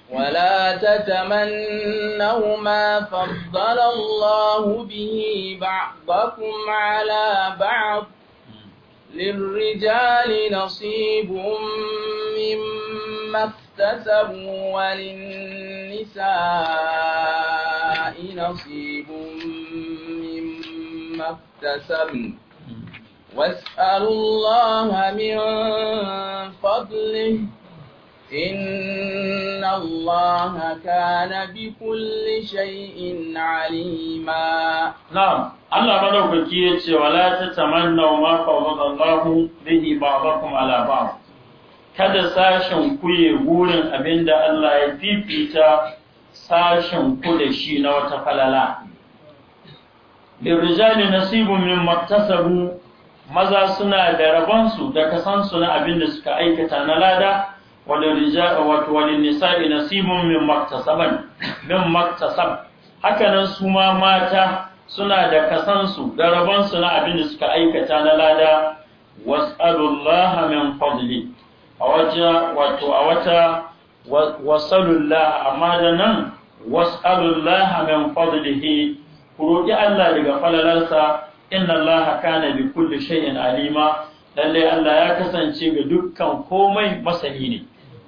ولا تتمنوا ما فضل الله به بعضكم على بعض للرجال نصيب مما اكتسبوا وللنساء نصيب مما اكتسبن واسألوا الله من فضله إن الله كان بكل شيء عليما نعم الله مدوك كيتش ولا تتمنوا ما فوض الله به بعضكم على بعض kada sashen ku ya gurin abinda Allah ya fifita sashen ku da shi na wata falala lirrijali nasibu min maktasabu maza suna da rabansu da kasansu na abin da suka aikata na lada walin nisa'i nasibun min maktasaban min maktasab hakanan su ma mata suna da kasansu da rabonsu na abin da suka aikata na lada was'alullaha min fadli a wata wato a wata wasalullah amma da nan was'alullaha min fadlihi ku roƙi Allah daga falalarsa inna Allah kana bi kulli shay'in alima lalle Allah ya kasance ga dukkan komai masani ne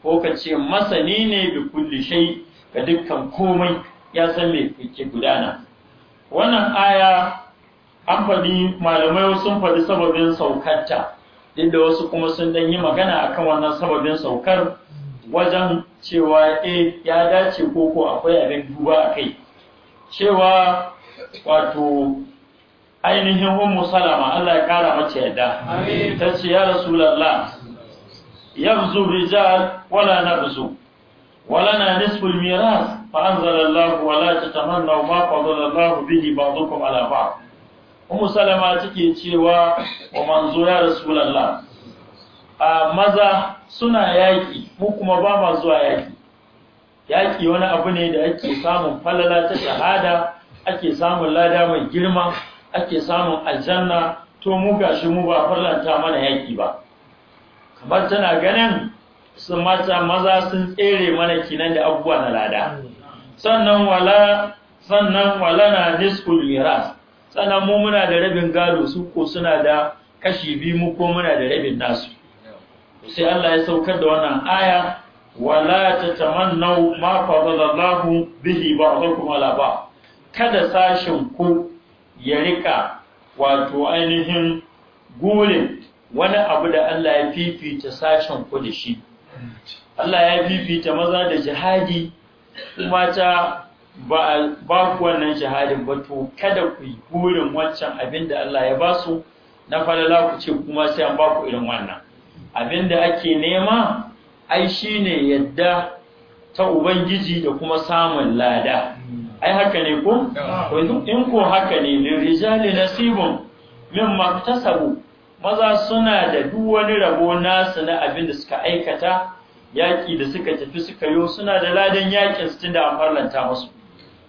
ko ka ce masani ne bi kulli shay ga dukkan komai ya san me ke gudana wannan aya an faɗi malamai sun faɗi sababin saukarta inda wasu kuma sun dan yi magana akan wannan sababin saukar wajen cewa eh ya dace ko ko akwai abin duba a kai cewa wato ainihin ummu salama Allah ya kara mace yadda ta ce ya rasulullah يغزو الرجال ولا نغزو ولنا نصف الميراث فأنزل الله ولا تتمنوا ما فضل الله به بعضكم على بعض Umu Salama take cewa wa manzo ya Rasulullah a maza suna yaƙi. mu kuma ba zuwa yaki Yaƙi wani abu ne da ake samun falala ta shahada ake samun lada mai girma ake samun aljanna to mu gashi mu ba farlanta mana yaƙi ba kamar tana ganin su mata maza sun tsere mana kinan da abubuwa na lada sannan wala sannan wala na nisful miras sannan mu muna da rabin gado su ko suna da kashi biyu mu ko muna da rabin nasu sai Allah ya saukar da wannan aya wala tatamannau ma fadalallahu bihi ba'dakum ala ba kada sashin ku ya rika wato ainihin gulin. wani abu da Allah ya fifita sashen ku da shi Allah ya fifita maza da jihadi kuma ta ba ku wannan jihadin ba to kada ku yi burin wancan abin da Allah ya ba su na falala ku ce kuma sai an ba ku irin wannan abin da ake nema ai shine yadda ta Ubangiji da kuma samun lada ai haka ne ko in ko haka ne lirijali nasibun min maktasabu maza suna da duk wani rabo nasu na abin da suka aikata yaƙi da suka tafi suka yo suna da ladan yaƙin su tunda an farlanta musu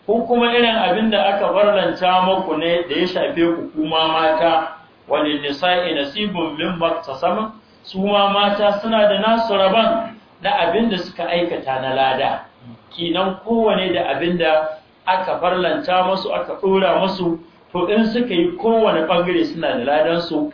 ko kuma irin abin da aka farlanta muku ne da ya shafe ku kuma mata wani nisa'i nasibun min maktasam su ma mata suna da nasu raban na abin da suka aikata na lada kinan kowane da abin da aka farlanta musu aka ɗora musu to in suka yi kowane ɓangare suna da ladan su.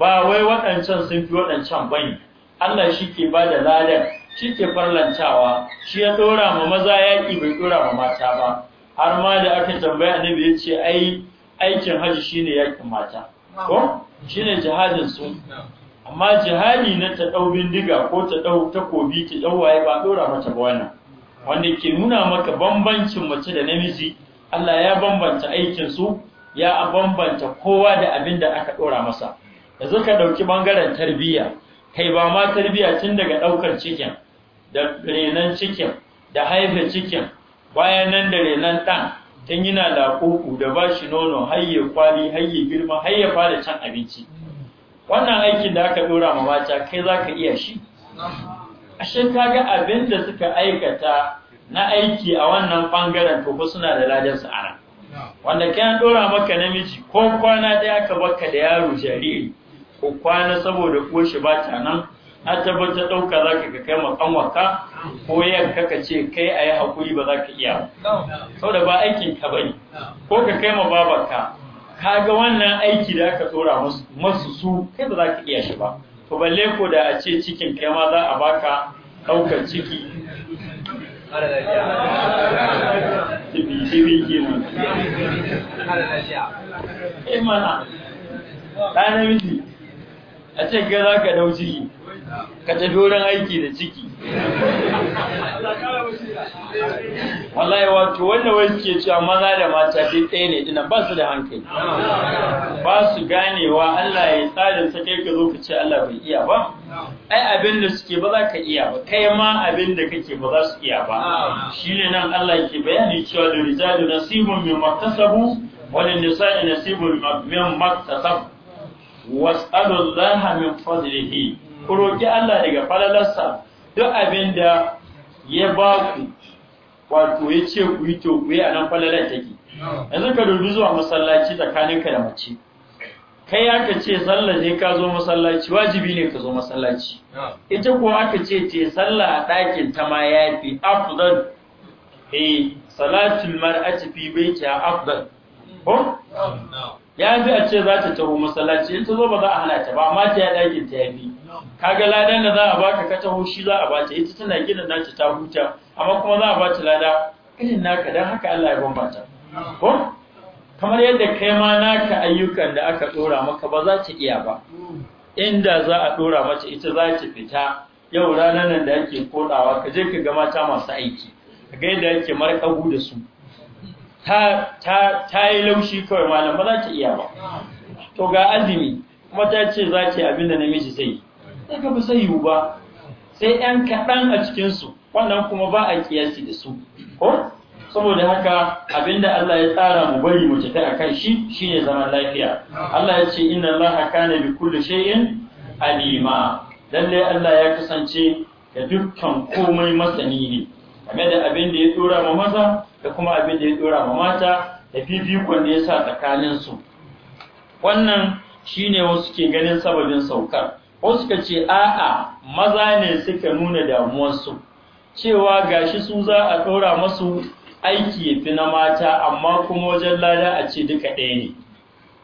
ba wai waɗancan sun fi waɗancan bane Allah shi ke ba da ladar shi ke farlantawa shi ya ɗora ma maza yaƙi bai ɗora ma mata ba har ma da aka tambaya ne bai ce ai aikin haji shine yaƙin mata ko ne jihadin su amma jihadi na ta ɗau bindiga ko ta ɗau takobi ta ɗau ba ɗora mata ba wannan wanda ke nuna maka bambancin mace da namiji Allah ya bambanta aikin su ya bambanta kowa da abin da aka ɗora masa yanzu ka ɗauki bangaren tarbiyya kai ba ma tarbiyya tun daga ɗaukar cikin da renan cikin da haifa cikin bayan nan da renan dan tun yana da koko da bashi nono hayye kwali hayye girma har ya fara cin abinci wannan aikin da aka dora ma mata kai zaka iya shi ka ga abin da suka aikata na aiki a wannan bangaren to suna da ladan sa'ara wanda kai an dora maka namiji ko kwana ɗaya ka baka da yaro jariri ko kwana saboda uwar shi ba ta nan a tabbata ɗauka za ka kai makanwaka ko yanka ka ce kai a yi haƙuri ba za ka iya sau da ba aikin ka bane ko ka kai ma babarka ka ga wannan aiki da aka tsora masu su kai ba za ka iya shi ba to balle ko da a ce cikin kai ma za a baka ɗaukar ciki tibi ɗan eh namiji, a ce ga za ka dau ciki ka tafi wurin aiki da ciki wallahi wato wannan wai ke cewa maza da mata duk ɗaya ne dinan ba su da hankali ba su ganewa Allah ya tsarin sa kai ka zo ka ce Allah bai iya ba ai abin da suke ba za ka iya ba kai ma abin da kake ba za su iya ba shine nan Allah ke bayani cewa da rijalu nasibun min maktasabu wa lin nisa'i nasibun min maktasabu was'alullaha min fadlihi ku roƙi Allah daga falalarsa duk abin da ya ba ku wato ya ce ku yi to ku yi a nan falalar take yanzu ka dubi zuwa masallaci tsakaninka da mace kai aka ce sallah ne ka zo masallaci wajibi ne ka zo masallaci ita kuwa aka ce ce sallah a ɗakin ta ma ya fi afdal eh salatul mar'ati fi baitiha afdal ko ya fi a ce za ta taho masallaci in ta zo ba za a hana ta ba amma ta ya dakin ta ya bi kaga ladan da za a baka ka taho shi za a bata ita tana gina nata ta huta amma kuma za a bata lada irin naka dan haka Allah ya bambata, ko kamar yadda kai ma naka ayyukan da aka dora maka ba za ta iya ba inda za a dora mata ita za ta fita yau ranar nan da ake kodawa ka je ka ga mata masu aiki ka ga yadda ake markabu da su ta yi laushi kawai malam ba za ki iya ba to ga azumi kuma ta ce za ki abin da namiji zai sai ka fi sai ba sai 'yan kaɗan a cikinsu wannan kuma ba a kiyasi da su ko saboda haka abin da Allah ya tsara mu bari mu tafi kan shi shi ne zaman lafiya Allah ya ce inna Allaha kana bi kulle shay'in alima Lallai Allah ya kasance da dukkan komai masani ne game da abin da ya dora ma maza da kuma abin da ya ɗora ma mata da fifikon da ya sa tsakanin su wannan shine wasu ke ganin sababin saukar wasu ka ce a'a maza ne suka nuna damuwarsu cewa gashi su za a ɗora masu aiki ya fi na mata amma kuma wajen lada a ce duka ɗaya ne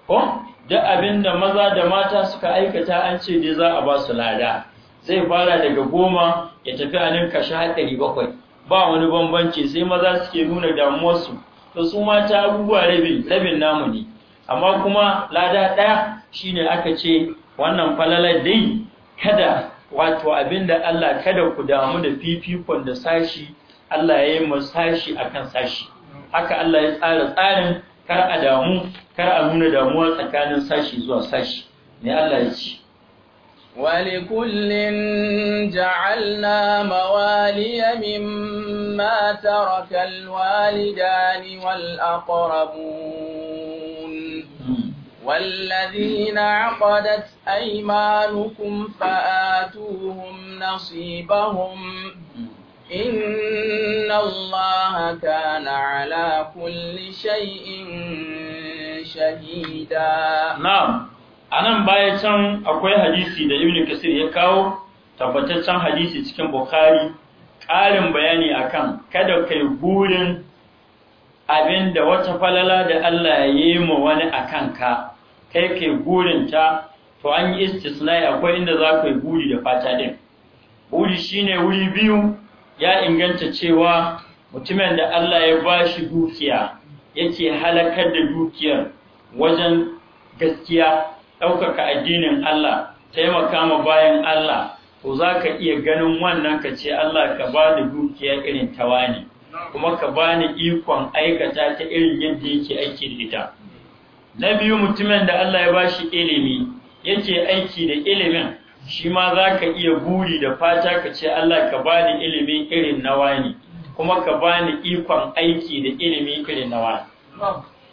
ko duk abin da maza da mata suka aikata an ce dai za a ba su lada zai fara daga goma ya tafi a nan kashe haɗari bakwai ba wani bambanci sai maza suke nuna damuwarsu to su mata abubuwa rabin rabin namu ne amma kuma lada ɗaya shine aka ce wannan falalar dai kada wato abinda Allah kada ku damu da fifikon da sashi Allah ya yi mu sashi akan sashi haka Allah ya tsara tsarin kar a damu kar a nuna damuwa tsakanin sashi zuwa sashi ne Allah ya ce ولكل جعلنا موالي مما ما ترك الوالدان والأقربون والذين عقدت أيمانكم فآتوهم نصيبهم إن الله كان على كل شيء شهيدا نعم أنا bayan أقوي حديثي hadisi da ibnu kasir ya kawo tabbataccen hadisi ƙarin bayani a kan, kada kai burin abin da wata falala da Allah ya yi ma wani a kanka kai kai gurin ta to an yi istisnai akwai inda za ka yi buri da fata din buri shine wuri biyu ya inganta cewa mutumin da Allah ya ba shi dukiya yake halakar da dukiyar wajen gaskiya ɗaukaka addinin Allah taimaka ma bayan Allah ko za ka iya ganin wannan ka ce Allah ka ba da dukiya irin ta kuma ka ba ni ikon aikata ta irin yadda yake aiki da ita na biyu mutumin da Allah ya bashi ilimi yake aiki da ilimin shi ma za ka iya buri da fata ka ce Allah ka ba ni ilimin irin na wani kuma ka ba ni ikon aiki da ilimi irin na wani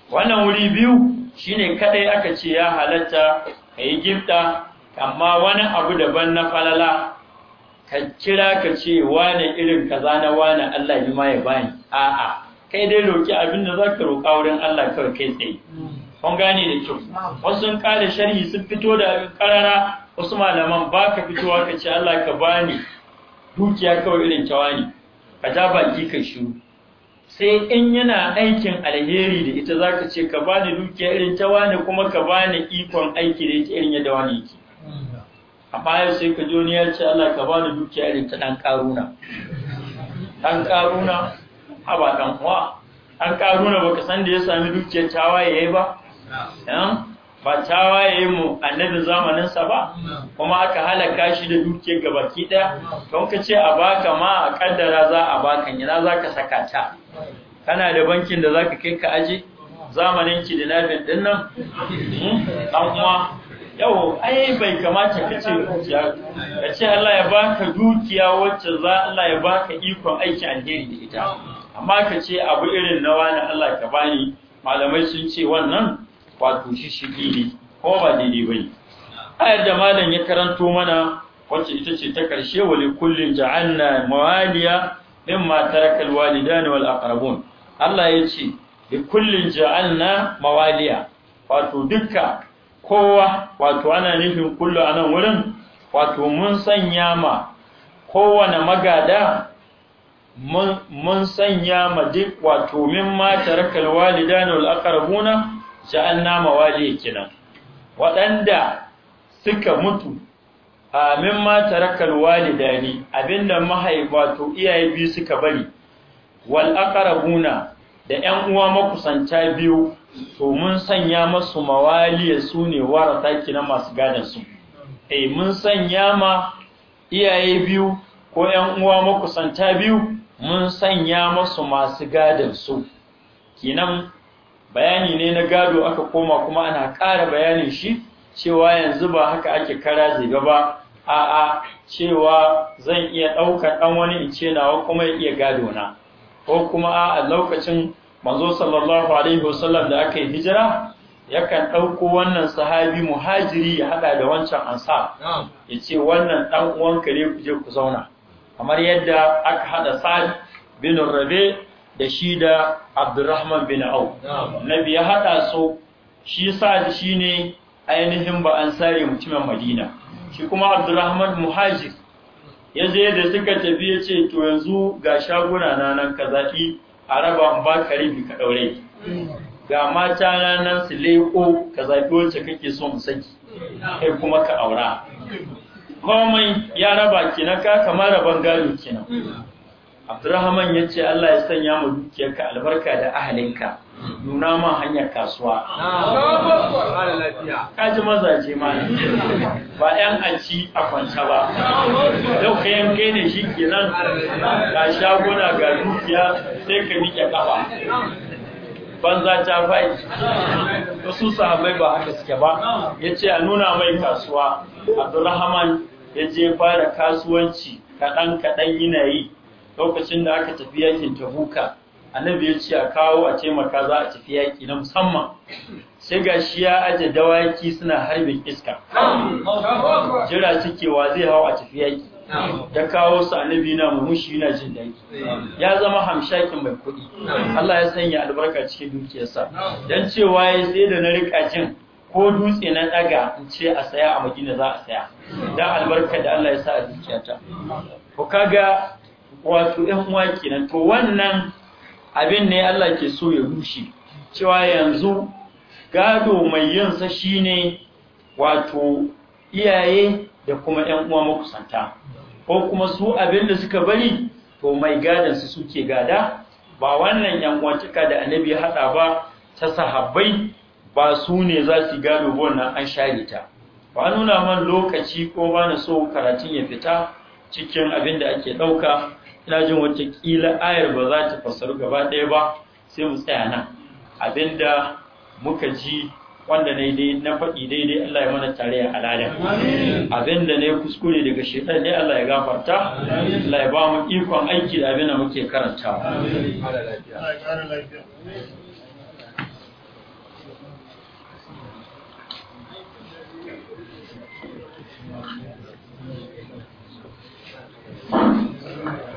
wannan wuri biyu shine kadai aka ce ya halatta ka yi gifta amma wani abu daban na falala ka kira ka ce wane irin kaza na wane Allah yi ma ya bani a'a kai dai roki abin da zaka roka wurin Allah kawai kai tsaye kun gane da kyau wasu sun kare sharhi sun fito da karara wasu malaman ba ka fitowa ka ce Allah ka bani dukiya kawai irin tawani ka ja baki ka shiru sai in yana aikin alheri da ita za ka ce ka bani dukiya irin ta wani kuma ka bani ikon aiki da ita irin yadda wani yake amma yau sai ka ji ya ce Allah ka bani dukiya irin ta dan karuna dan karuna a ba dan uwa dan karuna baka san da ya sami dukiyar tawaye yayi ba ba tawaye mu annabi zamanin sa ba kuma aka halaka shi da dukiyar gabaki daya don ka ce a baka ma a ƙaddara za a baka ina zaka saka ta kana da bankin da zaka kai ka aje zamanin kidinabin din nan dan hmm? uwa yau ai bai kamata ka ce dukiya ka ce Allah ya baka dukiya wacce za Allah ya baka ikon aikin alheri da ita amma ka ce abu irin na wani Allah ka bani malamai sun ce wannan wato shi shigi ne ko ba daidai bane ayar da malam ya karanto mana wacce ita ce ta karshe wa li kullin ja'alna mawaliya mimma tarakal walidani wal aqrabun Allah ya ce li kullin ja'alna mawaliya wato dukka kowa wato ana nufin kullu a nan wurin wato mun sanya ma kowane magada mun sanya ma duk wato min ma tarakal walidani wal aqrabuna nama mawali kinan waɗanda suka mutu a min ma tarakal ne, abinda mahaifatu iyaye biyu suka bari wal'akar aqrabuna da ‘yan uwa makusanta biyu, to mun sanya masu mawaliya su ne warata na masu gadon su. E, mun sanya ma iyaye biyu ko ‘yan uwa makusanta biyu, mun sanya masu masu gadon su. Kinan bayani ne na gado aka koma kuma ana ƙara bayanin shi, cewa yanzu ba haka ake kara ziga ba, a'a cewa zan iya ɗaukar ɗan wani in ce nawa kuma ya iya gado na. ko kuma a lokacin manzo sallallahu alaihi wasallam da aka yi hijira yakan ɗauko wannan sahabi muhajiri ya haɗa da wancan ansa ya ce wannan ɗan uwan kare ku je ku zauna kamar yadda aka haɗa sa'ad bin rabe da shi da abdurrahman bin au nabi ya haɗa su shi sa'ad shine ainihin ba ansari mutumin madina shi kuma abdurrahman muhajir ya je da suka tafi ya ce to yanzu ga shaguna na nan ka zaɓi a raba ba ka rufi ka ɗaure ga mata na nan su leko ka zaɓi wacce kake so mu saki kai kuma ka aura komai ya raba ki na ka kamar raban gado kenan Abdurrahman ya ce Allah ya sanya mu dukiyarka albarka da ahalinka nuna ma hanyar kasuwa kaji mazaje ma ba yan a ci a kwanta ba yau ka yanke ne shi ke nan? ga shaguna ga dukiya sai ka miƙe ƙafa banza ta fai su sahabai ba haka suke ba ya ce a nuna mai kasuwa abdulrahman ya je fara kasuwanci kaɗan kaɗan yanayi lokacin da aka tafi yakin tabuka annabi ya ce a kawo a taimaka za a tafi yaƙi na musamman sai ga shi ya aje dawaki suna harbin iska jira suke zai hau a tafi yaƙi ya kawo su annabi na murmushi yana jin daɗi ya zama hamshakin mai kuɗi Allah ya sanya albarka cikin dukiyarsa dan cewa ya sai da na rika jin ko dutse na daga in ce a saya a madina za a saya dan albarka da Allah ya sa a dukiyata ko kaga wato ɗan uwa kenan to wannan abin ne Allah ke so ya rushe cewa yanzu gado mai yinsa shine wato iyaye da kuma ‘yan uwa makusanta ko kuma su abin da suka bari to mai su suke gada ba wannan ‘yan uwantaka da annabi haɗa ba ta sahabbai ba su ne za su gado wannan an share ta ba nuna man lokaci ko ba na so karatun ya fita cikin abin da ake ɗauka ina jin wata kila ayar ba za ta fassaru gaba ɗaya ba sai mu tsaya nan abinda muka ji wanda na dai na faɗi daidai Allah ya mana tare a ladan abinda na yi kuskure daga shekar dai Allah ya gafarta Allah ya ba mu ikon aiki da abinda muke karantawa Thank you.